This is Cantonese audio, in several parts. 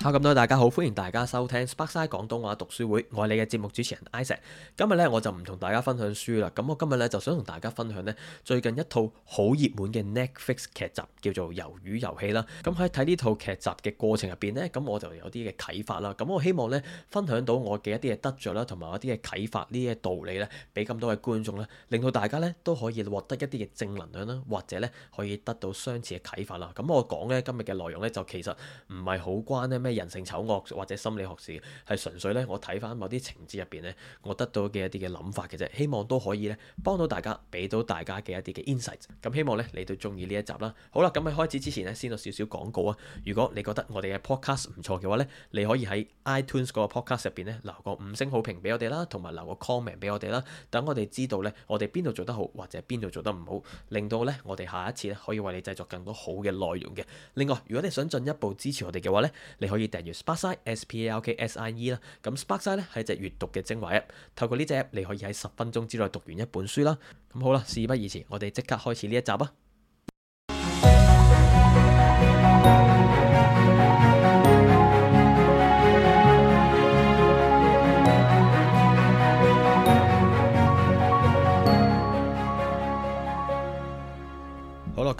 好，咁多大家好，歡迎大家收聽《Sparkside 廣東話讀書會》，我係你嘅節目主持人 Isaac。今日咧，我就唔同大家分享書啦。咁我今日咧就想同大家分享呢，最近一套好熱門嘅 Netflix 劇集，叫做《魷魚遊戲》啦。咁喺睇呢套劇集嘅過程入邊咧，咁我就有啲嘅啟發啦。咁我希望咧，分享到我嘅一啲嘅得着啦，同埋一啲嘅啟發呢啲道理咧，俾咁多嘅觀眾咧，令到大家咧都可以獲得一啲嘅正能量啦，或者咧可以得到相似嘅啟發啦。咁我講咧今日嘅內容咧，就其實唔係好關人性醜惡或者心理學士，係純粹咧，我睇翻某啲情節入邊咧，我得到嘅一啲嘅諗法嘅啫。希望都可以咧，幫到大家，俾到大家嘅一啲嘅 insight。咁希望咧，你都中意呢一集啦。好啦，咁喺開始之前咧，先到少少廣告啊。如果你覺得我哋嘅 podcast 唔錯嘅話咧，你可以喺 iTunes 嗰個 podcast 入邊咧留個五星好評俾我哋啦，同埋留個 comment 俾我哋啦，等我哋知道咧，我哋邊度做得好或者邊度做得唔好，令到咧我哋下一次咧可以為你製作更多好嘅內容嘅。另外，如果你想進一步支持我哋嘅話咧，你可可以訂閱 Sparkside, S P A L K S I E 啦，咁 Sparkside 咧，係隻閱讀嘅精華 app，透過呢隻 app，你可以喺十分鐘之內讀完一本書啦。咁好啦，事不宜遲，我哋即刻開始呢一集啊！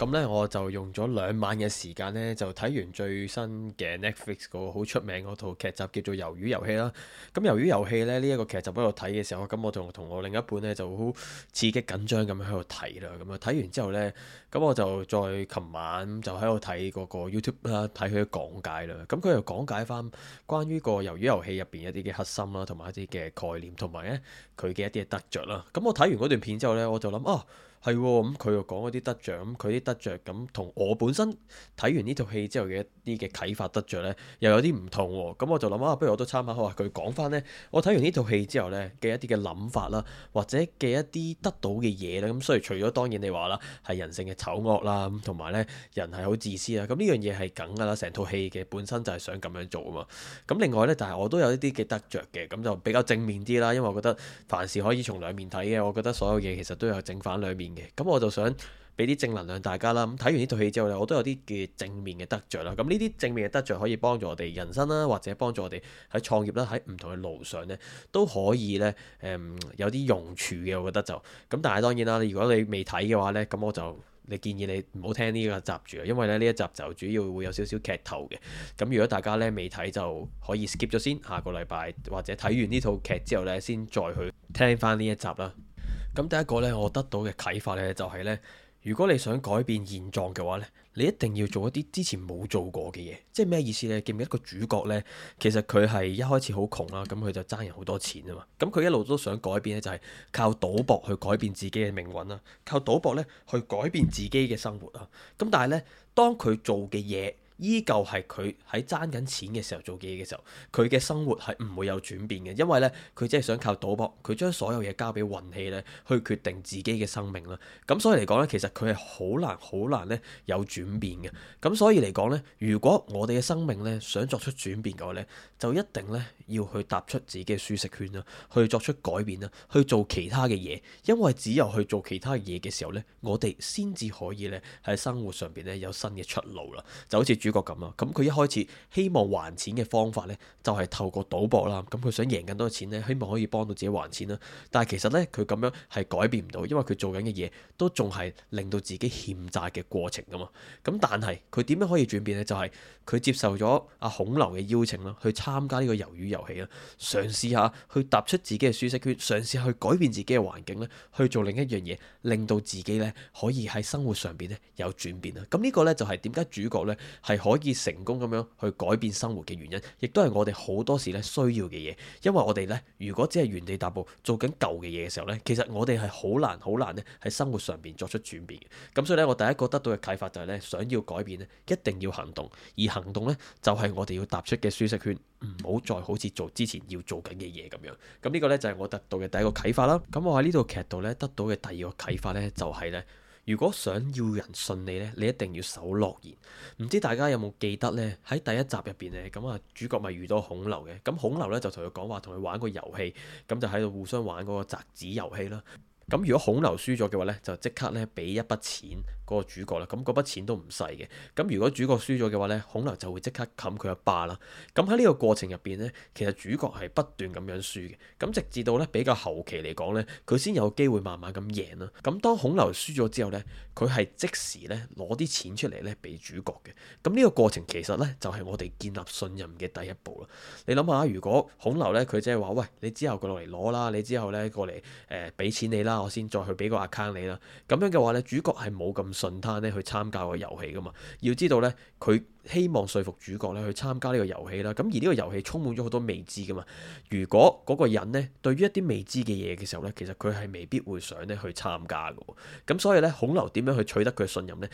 咁咧，我就用咗兩晚嘅時間咧，就睇完最新嘅 Netflix 個好出名嗰套劇集，叫做《魷魚遊戲》啦。咁《魷魚遊戲》咧呢一個劇集，喺度睇嘅時候，咁我同同我另一半咧就好刺激緊張咁喺度睇啦。咁啊，睇完之後咧，咁我就再琴晚就喺度睇嗰個 YouTube 啦、啊，睇佢嘅講解啦。咁佢又講解翻關於個魷魚遊戲入邊一啲嘅核心啦，同埋一啲嘅概念，同埋咧佢嘅一啲嘅得着啦。咁我睇完嗰段片之後咧，我就諗哦。啊」係喎，咁佢又講嗰啲得着，咁佢啲得着，咁同我本身睇完呢套戲之後嘅一啲嘅啟發得着呢，又有啲唔同喎。咁、喔、我就諗下、啊，不如我都參考下佢講翻呢。我睇完呢套戲之後呢，嘅一啲嘅諗法啦，或者嘅一啲得到嘅嘢咧。咁、啊嗯、所以除咗當然你話啦，係人性嘅醜惡啦，同、啊、埋呢人係好自私啦。咁呢樣嘢係梗噶啦，成套戲嘅本身就係想咁樣做啊嘛。咁另外呢，但係我都有一啲嘅得着嘅，咁就比較正面啲啦。因為我覺得凡事可以從兩面睇嘅，我覺得所有嘢其實都有正反兩面。咁我就想俾啲正能量大家啦。咁睇完呢套戲之後呢，我都有啲嘅正面嘅得着啦。咁呢啲正面嘅得着，可以幫助我哋人生啦，或者幫助我哋喺創業啦，喺唔同嘅路上呢，都可以呢，誒、嗯、有啲用處嘅。我覺得就咁。但係當然啦，如果你未睇嘅話呢，咁我就你建議你唔好聽呢個集住啊。因為呢呢一集就主要會有少少劇頭嘅。咁如果大家呢未睇就可以 skip 咗先。下個禮拜或者睇完呢套劇之後呢，先再，再去聽翻呢一集啦。咁第一個呢，我得到嘅啟發呢，就係呢：如果你想改變現狀嘅話呢，你一定要做一啲之前冇做過嘅嘢。即係咩意思呢？記唔記得一個主角呢？其實佢係一開始好窮啦，咁佢就爭人好多錢啊嘛。咁佢一路都想改變呢，就係靠賭博去改變自己嘅命運啦，靠賭博呢去改變自己嘅生活啊。咁但係呢，當佢做嘅嘢，依舊係佢喺爭緊錢嘅時候做嘅嘢嘅時候，佢嘅生活係唔會有轉變嘅，因為呢，佢只係想靠賭博，佢將所有嘢交俾運氣呢去決定自己嘅生命啦。咁所以嚟講呢，其實佢係好難好難呢有轉變嘅。咁所以嚟講呢，如果我哋嘅生命呢想作出轉變嘅話呢，就一定呢要去踏出自己嘅舒適圈啦，去作出改變啦，去做其他嘅嘢，因為只有去做其他嘅嘢嘅時候呢，我哋先至可以呢喺生活上面呢有新嘅出路啦。就好似主角咁啊，咁佢一開始希望還錢嘅方法咧，就係透過賭博啦。咁佢想贏更多嘅錢咧，希望可以幫到自己還錢啦。但係其實咧，佢咁樣係改變唔到，因為佢做緊嘅嘢都仲係令到自己欠債嘅過程噶嘛。咁但係佢點樣可以轉變咧？就係佢接受咗阿孔劉嘅邀請啦，去參加呢個魷魚遊戲啦，嘗試下去踏出自己嘅舒適圈，嘗試去改變自己嘅環境咧，去做另一樣嘢，令到自己咧可以喺生活上邊咧有轉變啊。咁呢個咧就係點解主角咧係。可以成功咁樣去改變生活嘅原因，亦都係我哋好多時咧需要嘅嘢。因為我哋咧，如果只係原地踏步，做緊舊嘅嘢嘅時候咧，其實我哋係好難、好難咧喺生活上邊作出轉變嘅。咁所以咧，我第一個得到嘅啟發就係咧，想要改變咧，一定要行動，而行動咧就係我哋要踏出嘅舒適圈，唔好再好似做之前要做緊嘅嘢咁樣。咁呢個咧就係我得到嘅第一個啟發啦。咁我喺呢套劇度咧得到嘅第二個啟發咧，就係咧。如果想要人信你呢，你一定要守諾言。唔知大家有冇記得呢？喺第一集入邊呢，咁啊主角咪遇到孔劉嘅，咁孔劉呢，就同佢講話，同佢玩個遊戲，咁就喺度互相玩嗰個擲紙遊戲啦。咁如果孔劉輸咗嘅話呢，就即刻呢俾一筆錢嗰個主角啦。咁嗰筆錢都唔細嘅。咁如果主角輸咗嘅話呢，孔劉就會即刻冚佢一巴啦。咁喺呢個過程入邊呢，其實主角係不斷咁樣輸嘅。咁直至到呢，比較後期嚟講呢，佢先有機會慢慢咁贏啦。咁當孔劉輸咗之後呢，佢係即時呢攞啲錢出嚟呢俾主角嘅。咁呢個過程其實呢，就係我哋建立信任嘅第一步咯。你諗下，如果孔劉呢，佢即係話，喂，你之後過落嚟攞啦，你之後呢，過嚟誒俾錢你啦。我先再去俾個 account 你啦，咁樣嘅話咧，主角係冇咁順攤咧去參加個遊戲㗎嘛，要知道咧佢。希望說服主角呢去參加呢個遊戲啦，咁而呢個遊戲充滿咗好多未知㗎嘛。如果嗰個人呢，對於一啲未知嘅嘢嘅時候呢，其實佢係未必會想呢去參加嘅。咁所以呢，孔劉點樣去取得佢嘅信任呢？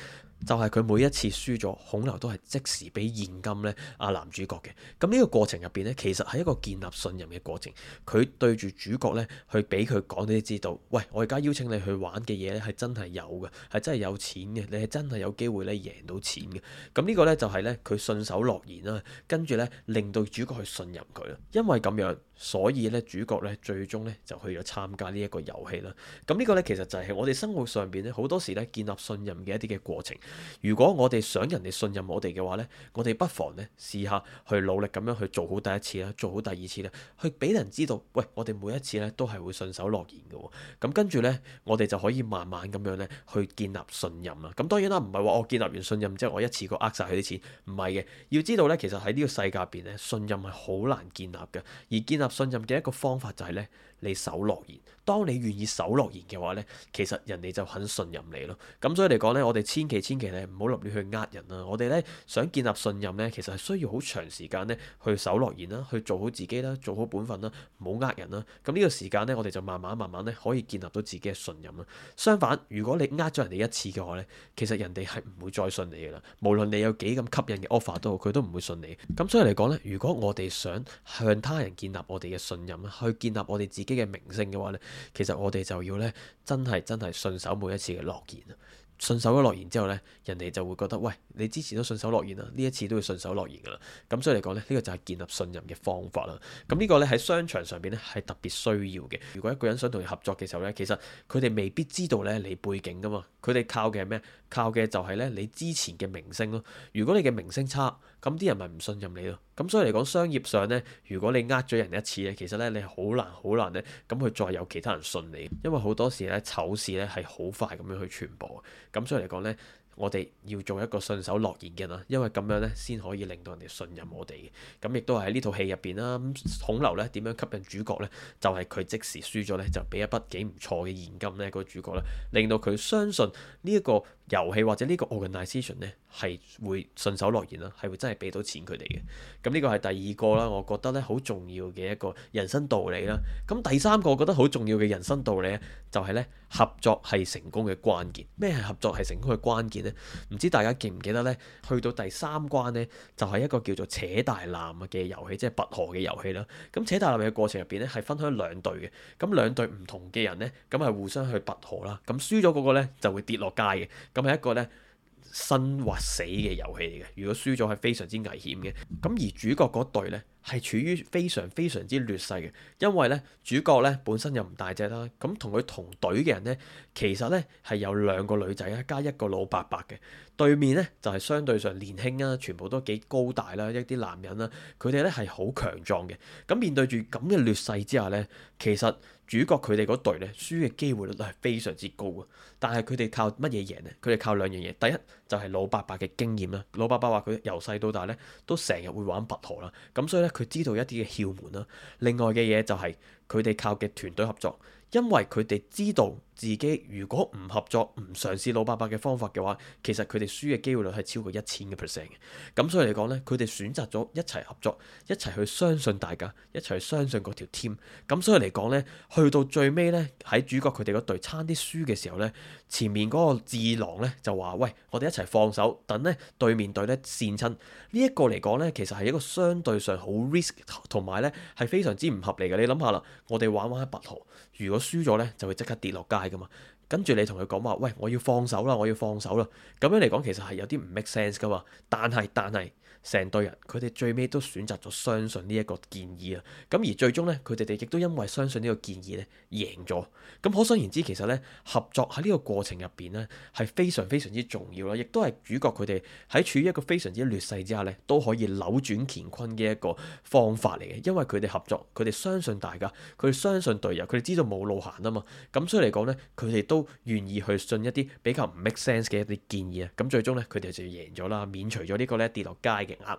就係、是、佢每一次輸咗，孔劉都係即時俾現金呢，阿男主角嘅。咁呢個過程入邊呢，其實係一個建立信任嘅過程。佢對住主角呢，去俾佢講，你都知道，喂，我而家邀請你去玩嘅嘢呢，係真係有嘅，係真係有錢嘅，你係真係有機會咧贏到錢嘅。咁呢個呢，就係、是。佢信守諾言啦，跟住咧令到主角去信任佢啦，因為咁樣，所以咧主角咧最終咧就去咗參加呢一個遊戲啦。咁呢個咧其實就係我哋生活上邊咧好多時咧建立信任嘅一啲嘅過程。如果我哋想人哋信任我哋嘅話咧，我哋不妨咧試下去努力咁樣去做好第一次啦，做好第二次啦，去俾人知道，喂，我哋每一次咧都係會信守諾言嘅。咁跟住咧，我哋就可以慢慢咁樣咧去建立信任啦。咁當然啦，唔係話我建立完信任之後我一次過呃晒佢啲錢。唔係嘅，要知道咧，其實喺呢個世界入邊咧，信任係好難建立嘅。而建立信任嘅一個方法就係咧。你守諾言，當你願意守諾言嘅話咧，其實人哋就肯信任你咯。咁所以嚟講咧，我哋千祈千祈咧唔好立亂去呃人啦。我哋咧想建立信任咧，其實係需要好長時間咧去守諾言啦，去做好自己啦，做好本分啦，唔好呃人啦。咁呢個時間咧，我哋就慢慢慢慢咧可以建立到自己嘅信任啦。相反，如果你呃咗人哋一次嘅話咧，其實人哋係唔會再信你噶啦。無論你有幾咁吸引嘅 offer 都好，佢都唔會信你。咁所以嚟講咧，如果我哋想向他人建立我哋嘅信任啦，去建立我哋自己嘅名聲嘅話呢，其實我哋就要呢，真係真係信守每一次嘅諾言啊，信守咗諾言之後呢，人哋就會覺得，喂，你之前都信守諾言啦，呢一次都要信守諾言噶啦，咁所以嚟講呢，呢、這個就係建立信任嘅方法啦。咁呢個呢，喺商場上邊呢係特別需要嘅。如果一個人想同你合作嘅時候呢，其實佢哋未必知道呢你背景噶嘛，佢哋靠嘅係咩？靠嘅就係咧你之前嘅名聲咯，如果你嘅名聲差，咁啲人咪唔信任你咯。咁所以嚟講商業上咧，如果你呃咗人一次咧，其實咧你好難好難咧，咁去再有其他人信你，因為好多時咧醜事咧係好快咁樣去傳播。咁所以嚟講咧，我哋要做一個信守諾言嘅啦，因為咁樣咧先可以令到人哋信任我哋。咁亦都係喺呢套戲入邊啦，孔劉咧點樣吸引主角咧，就係、是、佢即時輸咗咧就俾一筆幾唔錯嘅現金咧個主角啦，令到佢相信呢、這、一個。遊戲或者呢個 organisation 呢，係會順手落言啦，係會真係俾到錢佢哋嘅。咁呢個係第二個啦，我覺得呢好重要嘅一個人生道理啦。咁第三個我覺得好重要嘅人生道理呢，就係呢，合作係成功嘅關鍵。咩係合作係成功嘅關鍵呢？唔知大家記唔記得呢？去到第三關呢，就係一個叫做扯大纜嘅遊戲，即係拔河嘅遊戲啦。咁扯大纜嘅過程入邊呢，係分開兩隊嘅。咁兩隊唔同嘅人呢，咁係互相去拔河啦。咁輸咗嗰個呢，就會跌落街嘅。咁係一個咧生或死嘅遊戲嚟嘅，如果輸咗係非常之危險嘅。咁而主角嗰隊咧，係處於非常非常之劣勢嘅，因為咧主角咧本身又唔大隻啦，咁同佢同隊嘅人咧，其實咧係有兩個女仔加一個老伯伯嘅，對面咧就係、是、相對上年輕啦，全部都幾高大啦，一啲男人啦，佢哋咧係好強壯嘅，咁面對住咁嘅劣勢之下咧，其實主角佢哋嗰隊咧輸嘅機會率係非常之高嘅，但係佢哋靠乜嘢贏咧？佢哋靠兩樣嘢，第一。就係老伯伯嘅經驗啦。老伯伯話佢由細到大咧都成日會玩拔河啦，咁所以咧佢知道一啲嘅竅門啦。另外嘅嘢就係。佢哋靠嘅團隊合作，因為佢哋知道自己如果唔合作、唔嘗試老伯伯嘅方法嘅話，其實佢哋輸嘅機會率係超過一千嘅 percent 嘅。咁所以嚟講呢，佢哋選擇咗一齊合作，一齊去相信大家，一齊去相信嗰條 team。咁所以嚟講呢，去到最尾呢，喺主角佢哋嗰隊差啲輸嘅時候呢，前面嗰個智囊呢就話：喂，我哋一齊放手，等呢對面隊呢蝕親。呢一個嚟講呢，其實係一個相對上好 risk，同埋呢係非常之唔合理嘅。你諗下啦。我哋玩玩下拔河，如果輸咗咧，就會即刻跌落街噶嘛。跟住你同佢講話，喂，我要放手啦，我要放手啦。咁樣嚟講，其實係有啲唔 make sense 噶嘛。但係，但係。成隊人佢哋最尾都選擇咗相信呢一個建議啊！咁而最終呢，佢哋哋亦都因為相信呢個建議呢，贏咗。咁可想而知，其實呢合作喺呢個過程入邊呢，係非常非常之重要啦，亦都係主角佢哋喺處於一個非常之劣勢之下呢，都可以扭轉乾坤嘅一個方法嚟嘅。因為佢哋合作，佢哋相信大家，佢哋相信隊友，佢哋知道冇路行啊嘛。咁所以嚟講呢，佢哋都願意去信一啲比較唔 make sense 嘅一啲建議啊。咁最終呢，佢哋就贏咗啦，免除咗呢個呢跌落街嘅。押韻啊！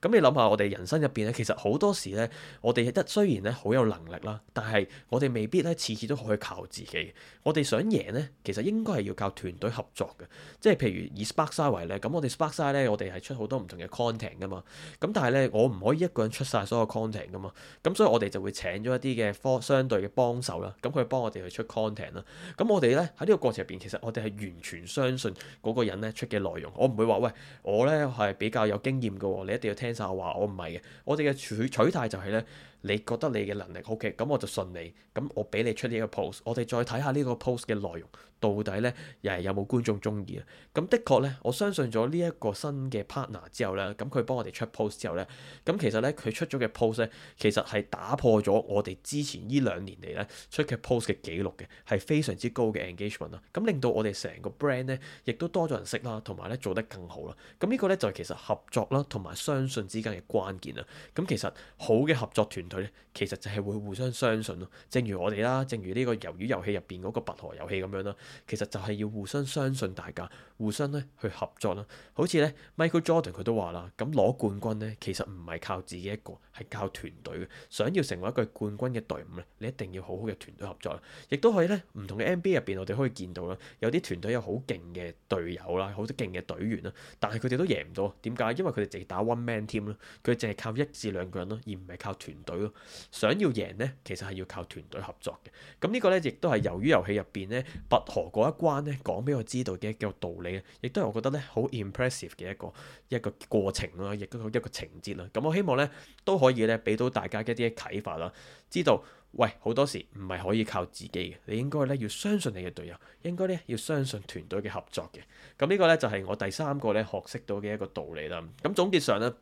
咁你諗下，我哋人生入邊咧，其實好多時咧，我哋一雖然咧好有能力啦，但係我哋未必咧次次都可以靠自己。我哋想贏咧，其實應該係要靠團隊合作嘅。即係譬如以 Sparkside、er、為例，咁我哋 Sparkside、er、咧，我哋係出好多唔同嘅 content 噶嘛。咁但係咧，我唔可以一個人出晒所有 content 噶嘛。咁所以，我哋就會請咗一啲嘅科相對嘅幫手啦。咁佢幫我哋去出 content 啦。咁我哋咧喺呢個過程入邊，其實我哋係完全相信嗰個人咧出嘅內容。我唔會話喂，我咧係比較有經。經驗嘅喎，你一定要聽晒我話，我唔係嘅。我哋嘅取取態就係咧。你覺得你嘅能力 OK，咁我就信你。咁我俾你出呢一個 post，我哋再睇下呢個 post 嘅內容到底咧，又係有冇觀眾中意啊？咁的確咧，我相信咗呢一個新嘅 partner 之後咧，咁佢幫我哋出 post 之後咧，咁其實咧佢出咗嘅 post 咧，其實係打破咗我哋之前呢兩年嚟咧出嘅 post 嘅紀錄嘅，係非常之高嘅 engagement 啊！咁令到我哋成個 brand 咧，亦都多咗人識啦，同埋咧做得更好啦。咁呢個咧就係其實合作啦，同埋相信之間嘅關鍵啊！咁其實好嘅合作團隊。佢咧其實就係會互相相信咯，正如我哋啦，正如呢個魷魚遊戲入邊嗰個拔河遊戲咁樣啦，其實就係要互相相信大家，互相咧去合作啦。好似咧 Michael Jordan 佢都話啦，咁攞冠軍咧其實唔係靠自己一個，係靠團隊嘅。想要成為一個冠軍嘅隊伍咧，你一定要好好嘅團隊合作。亦都可以咧唔同嘅 NBA 入邊，我哋可以見到啦，有啲團隊有好勁嘅隊友啦，好多勁嘅隊員啦，但係佢哋都贏唔到，點解？因為佢哋淨係打 One Man Team 咯，佢淨係靠一至兩個人咯，而唔係靠團隊。想要贏呢，其實係要靠團隊合作嘅。咁、這、呢個呢，亦都係由於遊戲入邊呢，拔河嗰一關呢，講俾我知道嘅一個道理，亦都係我覺得呢好 impressive 嘅一個一個過程啦，亦都一個情節啦。咁、嗯、我希望呢，都可以呢俾到大家一啲嘅啟發啦，知道喂，好多時唔係可以靠自己嘅，你應該呢要相信你嘅隊友，應該呢要相信團隊嘅合作嘅。咁、嗯、呢、這個呢，就係、是、我第三個呢學識到嘅一個道理啦。咁、嗯、總結上呢。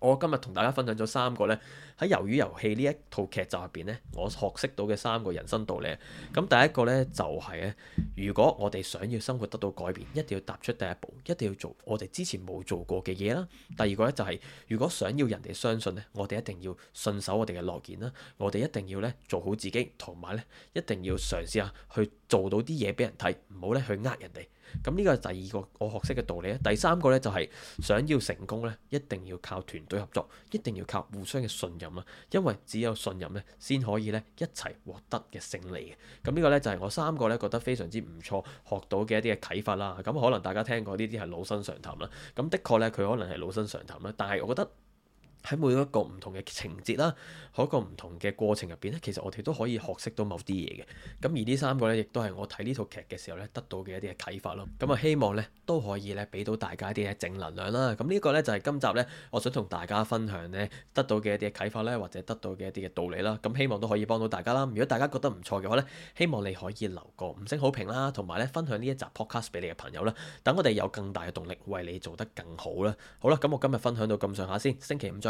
我今日同大家分享咗三個呢，喺《魷魚遊戲》呢一套劇集入邊呢，我學識到嘅三個人生道理。咁第一個呢，就係呢，如果我哋想要生活得到改變，一定要踏出第一步，一定要做我哋之前冇做過嘅嘢啦。第二個呢，就係，如果想要人哋相信呢，我哋一定要信守我哋嘅諾言啦，我哋一定要呢，做好自己，同埋呢，一定要嘗試下去做到啲嘢俾人睇，唔好呢去呃人哋。咁呢個係第二個我學識嘅道理，第三個咧就係想要成功咧，一定要靠團隊合作，一定要靠互相嘅信任啊！因為只有信任咧，先可以咧一齊獲得嘅勝利嘅。咁、這、呢個咧就係我三個咧覺得非常之唔錯學到嘅一啲嘅啟發啦。咁可能大家聽過呢啲係老生常談啦。咁的確咧佢可能係老生常談啦，但係我覺得。喺每一個唔同嘅情節啦，嗰個唔同嘅過程入邊咧，其實我哋都、嗯、都可以學識到某啲嘢嘅。咁而呢三個咧，亦都係我睇呢套劇嘅時候咧，得到嘅一啲嘅啟發咯。咁啊，希望咧都可以咧，俾到大家一啲嘅正能量啦。咁、嗯這個、呢一個咧就係、是、今集咧，我想同大家分享咧，得到嘅一啲嘅啟發咧，或者得到嘅一啲嘅道理啦。咁、嗯、希望都可以幫到大家啦。如果大家覺得唔錯嘅話咧，希望你可以留個五星好評啦，同埋咧分享呢一集 podcast 俾你嘅朋友啦，等我哋有更大嘅動力為你做得更好啦。好啦，咁、嗯、我今日分享到咁上下先，星期五再。